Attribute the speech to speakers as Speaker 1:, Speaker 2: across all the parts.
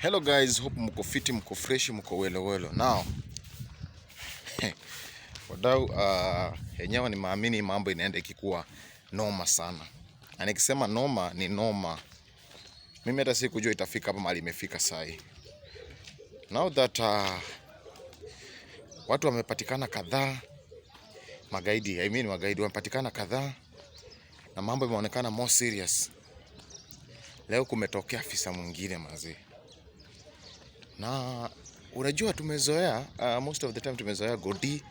Speaker 1: Hello guys, hope mko fit, mko fresh, mko welo welo. now wadau uh, yenyewe ni maamini mambo inaenda ikikuwa noma sana, na nikisema noma ni noma. Mimi hata sikujua itafika hapa mahali imefika sahi. Now that uh, watu wamepatikana kadhaa magaidi, I mean magaidi wamepatikana kadhaa na mambo imeonekana more serious. Leo kumetokea afisa mwingine mazee na unajua tumezoea uh, most of the time tumezoea Godi,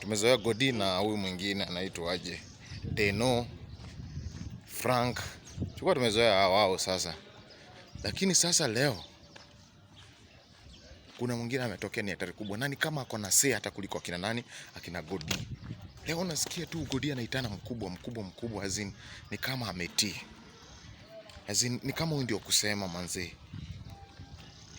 Speaker 1: tumezoea Godi na huyu mwingine anaitwaje, Deno Frank, tulikuwa tumezoea hao wao sasa, lakini sasa leo kuna mwingine ametokea, ni hatari kubwa. Nani kama ako na see hata kuliko akina nani, akina Godi. Leo nasikia tu Godi anaitana mkubwa mkubwa mkubwa, azin ni kama ametii, azin ni kama huyu ndio kusema manzee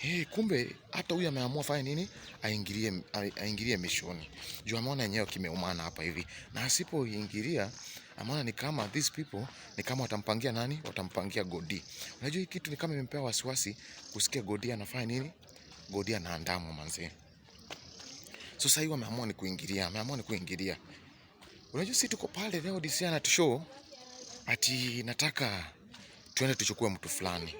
Speaker 1: Hey, eh, kumbe hata huyu ameamua fanya nini, aingilie aingilie mishoni juu ameona yenyewe kimeumana hapa hivi, na asipoingilia ameona ni kama these people ni kama watampangia nani, watampangia Godi. Unajua hii kitu ni kama imempea wasiwasi kusikia Godi anafanya nini, Godi anaandamwa manzee. So sasa hiyo ameamua ni kuingilia, ameamua ni kuingilia. Unajua sisi tuko pale leo DC anatushow ati nataka tuende tuchukue mtu fulani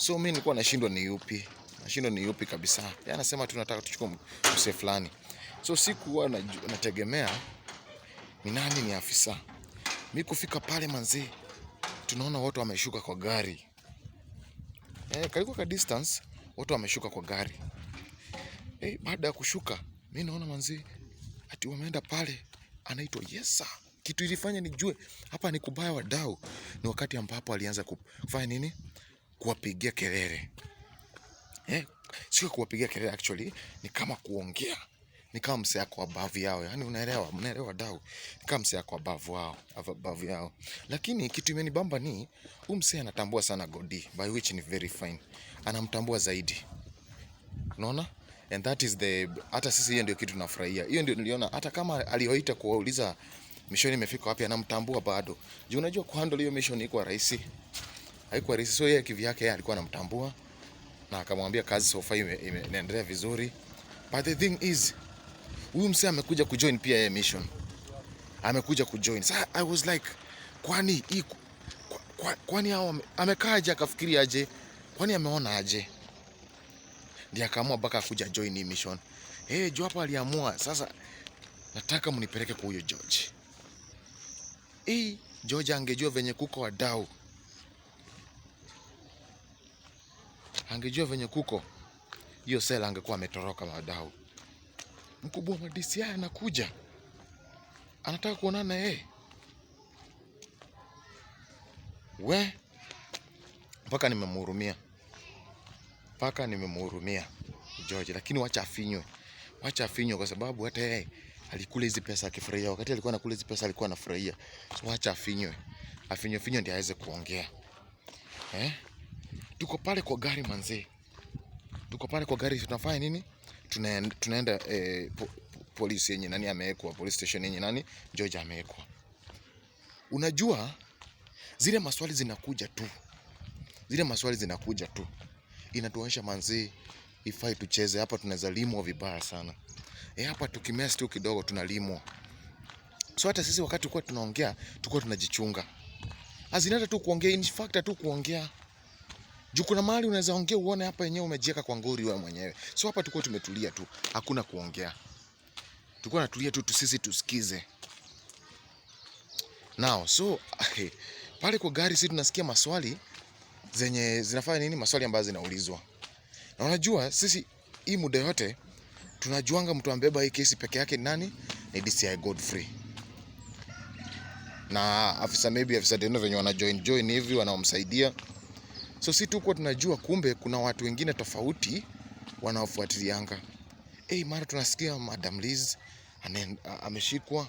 Speaker 1: So mimi nilikuwa nashindwa ni yupi, nashindwa ni yupi kabisa. Yeye anasema tunataka tuchukue mse fulani, so sikuwa nategemea ni nani ni afisa. Mimi kufika pale manzi, tunaona watu wameshuka kwa gari eh, karibu kwa distance, watu wameshuka kwa gari eh. Baada ya kushuka, mimi naona manzi ati wameenda pale, anaitwa Yesa. Kitu ilifanya nijue hapa ni kubaya wadau, ni wakati ambapo alianza kufanya nini kuwapigia kelele eh? Sio kuwapigia kelele actually, ni kama kuongea, ni kama msee ako above yao, yani unaelewa, mnaelewa dau, ni kama msee ako above wao, above yao. Lakini kitu imenibamba ni huyu msee anatambua sana Godi, by which ni very fine, anamtambua zaidi, unaona and that is the hata sisi, hiyo ndio kitu tunafurahia. Hiyo ndio niliona, hata kama alioita kuwauliza mission imefika wapi, anamtambua bado juu, unajua kuhandle hiyo mission iko rahisi haikuwa rahisi. So yeye kivyake yeye alikuwa anamtambua na akamwambia kazi so far inaendelea vizuri, but the thing is huyu mse amekuja kujoin pia yeye mission, amekuja kujoin. So I was like, kwani hii kwani hao amekaaje? Akafikiri aje? Kwani ameona aje? Ndio akaamua mpaka akuja join hii mission. Eh, juu hapa aliamua sasa, nataka mnipeleke kwa huyo George. Eh, George angejua venye kuko wadau Angejua venye kuko hiyo sela, angekuwa ametoroka. Madau mkubwa wa DCI anakuja, anataka kuonana na yeye. We mpaka nimemhurumia, mpaka nimemhurumia George, lakini wacha afinywe, wacha afinywe kwa sababu hata yeye alikula hizi pesa akifurahia. Wakati alikuwa anakula hizi pesa alikuwa anafurahia, so wacha afinywe, afinywe finywe ndio aweze kuongea eh? tuko pale kwa gari manze, tuko pale kwa gari, tunafanya nini? Tunaenda, tunaenda eh, po, polisi yenye nani amewekwa, police station yenye nani George amewekwa. Unajua zile maswali zinakuja tu, zile maswali zinakuja tu, inatuonyesha manze, ifai tucheze hapa, tunazalimwa vibaya sana e, hapa tukimesi tu kidogo tunalimwa. So hata sisi wakati tulikuwa tunaongea tulikuwa tunajichunga, azinata tu kuongea, in fact tu kuongea juu kuna mahali unaweza ongea uone hapa yenyewe umejieka kwa ngori wewe mwenyewe. Sio hapa tuko tumetulia tu, hakuna kuongea. Tuko natulia tu sisi tusikize. Now, so pale kwa gari sisi tunasikia maswali zenye zinafanya nini, maswali ambazo zinaulizwa. Na unajua sisi hii muda yote tunajuanga mtu ambeba hii kesi peke yake nani? Ni DCI Godfrey. Na afisa maybe afisa Deno venye wana join join hivi wanaomsaidia So si tuko tunajua kumbe kuna watu wengine tofauti wanaofuatilianga. Hey, mara tunasikia Madam Liz ameshikwa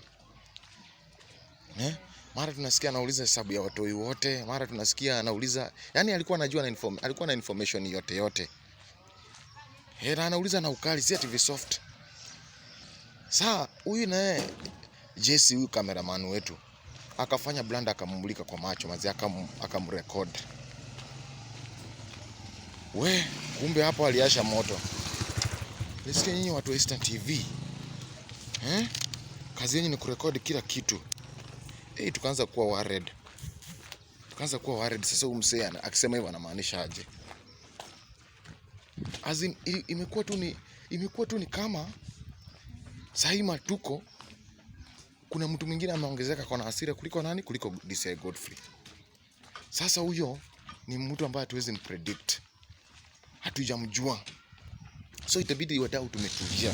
Speaker 1: ne? Mara tunasikia anauliza hesabu ya watoi wote, mara tunasikia anauliza, yani alikuwa anajua na inform, alikuwa na information yote yote. Hera eh, anauliza na ukali, si TV soft. Saa huyu naye Jesse, huyu cameraman wetu akafanya blanda, akamumulika kwa macho mazi, akamrecord akam We, kumbe hapo aliasha moto. Lisikia nyinyi watu wa Eastern TV eh? Kazi yenyu ni kurekodi kila kitu Eh, tukaanza kuwa worried. Tukaanza kuwa worried. Sasa huyu msee akisema hivyo anamaanisha aje? Azim imekuwa tu ni imekuwa tu ni kama sahi matuko, kuna mtu mwingine ameongezeka kwa na hasira kuliko nani, kuliko Godfrey. Sasa huyo ni mtu ambaye hatuwezi predict hatujamjua, so itabidi watau tumetulia.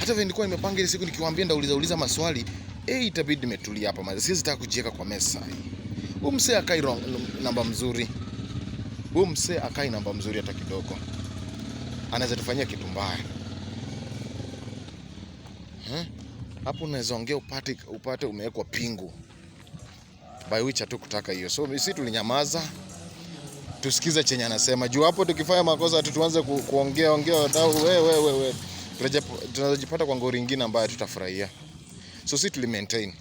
Speaker 1: Hata vile nilikuwa nimepanga ile siku nikiwaambia ndauliza uliza maswali eh, itabidi nimetulia hapa maana sisi sitaki kujieka kwa mesa hii. Huyu msee akai namba mzuri, huyu mse akai namba mzuri hata kidogo, anaweza tufanyia kitu mbaya Eh? hapo unaweza ongea upate upate umewekwa pingu by which hatukutaka hiyo, so sisi tulinyamaza tusikize chenye anasema juu hapo tukifanya makosa tu tuanze ku, kuongea ongea wadau we, we, we, we. tunajipata kwa ngori nyingine ambayo tutafurahia so si tuli maintain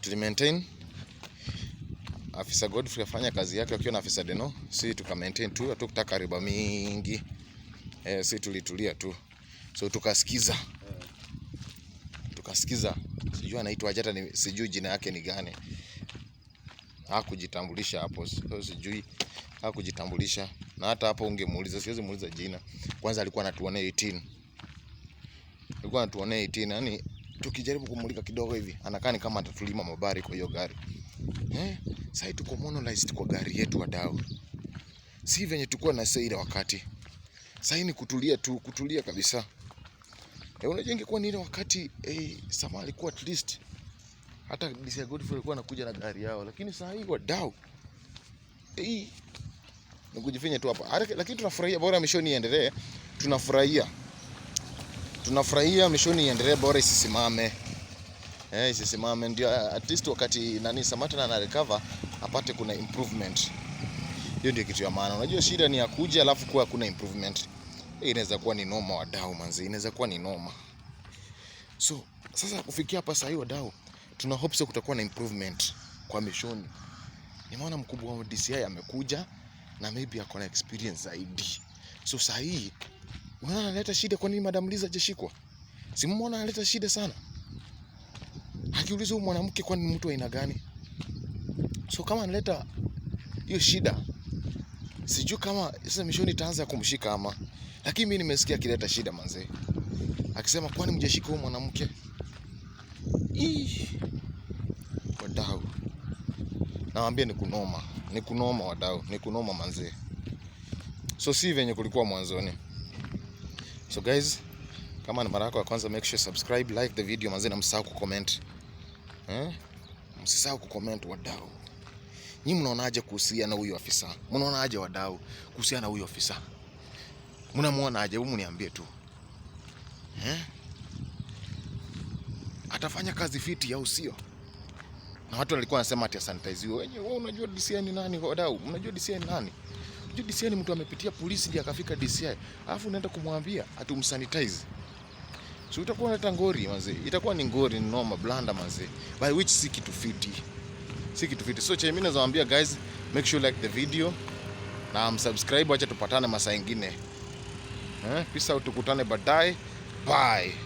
Speaker 1: tuli maintain afisa Godfrey afanya kazi yake akiwa na afisa Deno, si tuka maintain tu, hatukutaka riba mingi eh, si tulitulia tu, so tukasikiza tukasikiza, sijui anaitwa hata sijui jina yake ni gani hakujitambulisha hapo, sijui hakujitambulisha, na hata hapo ungemuuliza, siwezi muuliza jina. Kwanza alikuwa anatuonea 18, alikuwa anatuonea 18, yani tukijaribu kumulika kidogo hivi anakaa ni kama atatulima mabari kwa hiyo gari eh. Sasa tuko monolized kwa gari yetu wadau, si venye tukua na seira wakati. Sasa ni kutulia tu, kutulia kabisa. Eh, unajua ingekuwa ni ile wakati eh, Sama alikuwa at least hata DC Godfrey alikuwa anakuja na gari yao, lakini saa hii wadau hii ni kujifinya tu hapa, lakini tunafurahia, bora mishoni iendelee. Tunafurahia, tunafurahia mishoni iendelee, bora isisimame. Eh, hey, isisimame ndio eh, at least wakati nani Samata na recover apate kuna improvement. Hiyo ndio kitu ya maana. Unajua shida ni ya kuja alafu kuwa kuna improvement. Hii inaweza kuwa ni noma wadau manzi, inaweza kuwa ni noma. So sasa kufikia hapa sasa hiyo wadau tuna hope sio kutakuwa na improvement kwa mishoni. Nimeona mkubwa wa DCI amekuja na maybe ako na experience zaidi. So saa hii unaona analeta shida. Kwa nini Madam Liza hajashikwa? Simuona analeta shida sana. Akiuliza huyu mwanamke kwani mtu aina gani? So kama analeta hiyo shida, sijui kama sasa mishoni itaanza kumshika ama, lakini mimi nimesikia akileta shida manzee, akisema kwani mjashika huyu mwanamke Wadau, nawaambia ni kunoma, ni kunoma wadau, ni kunoma manzee. So si venye kulikuwa mwanzoni. So guys, kama ni mara yako ya kwanza, make sure subscribe, like the video manzee, na msisahau ku comment eh, msisahau ku comment wadau. Nyinyi mnaonaje kuhusiana na huyu afisa? Mnaonaje wadau kuhusiana na huyu afisa? Mnamuonaje? Hebu mniambie tu eh? atafanya kazi fiti, au sio? Na watu walikuwa wanasema ati asanitiziwe. Wenyewe wewe unajua DCI ni nani, wadau? unajua DCI ni nani? Unajua DCI ni mtu amepitia polisi ndiye akafika DCI. Alafu unaenda kumwambia atumsanitize. So itakuwa unaleta ngori manzi. Itakuwa ni ngori ni noma blanda manzi. By which si kitu fiti. Si kitu fiti. So mimi nawaambia guys, make sure you like the video na msubscribe, acha tupatane masaa mengine. Eh, peace out, tukutane baadaye. Bye.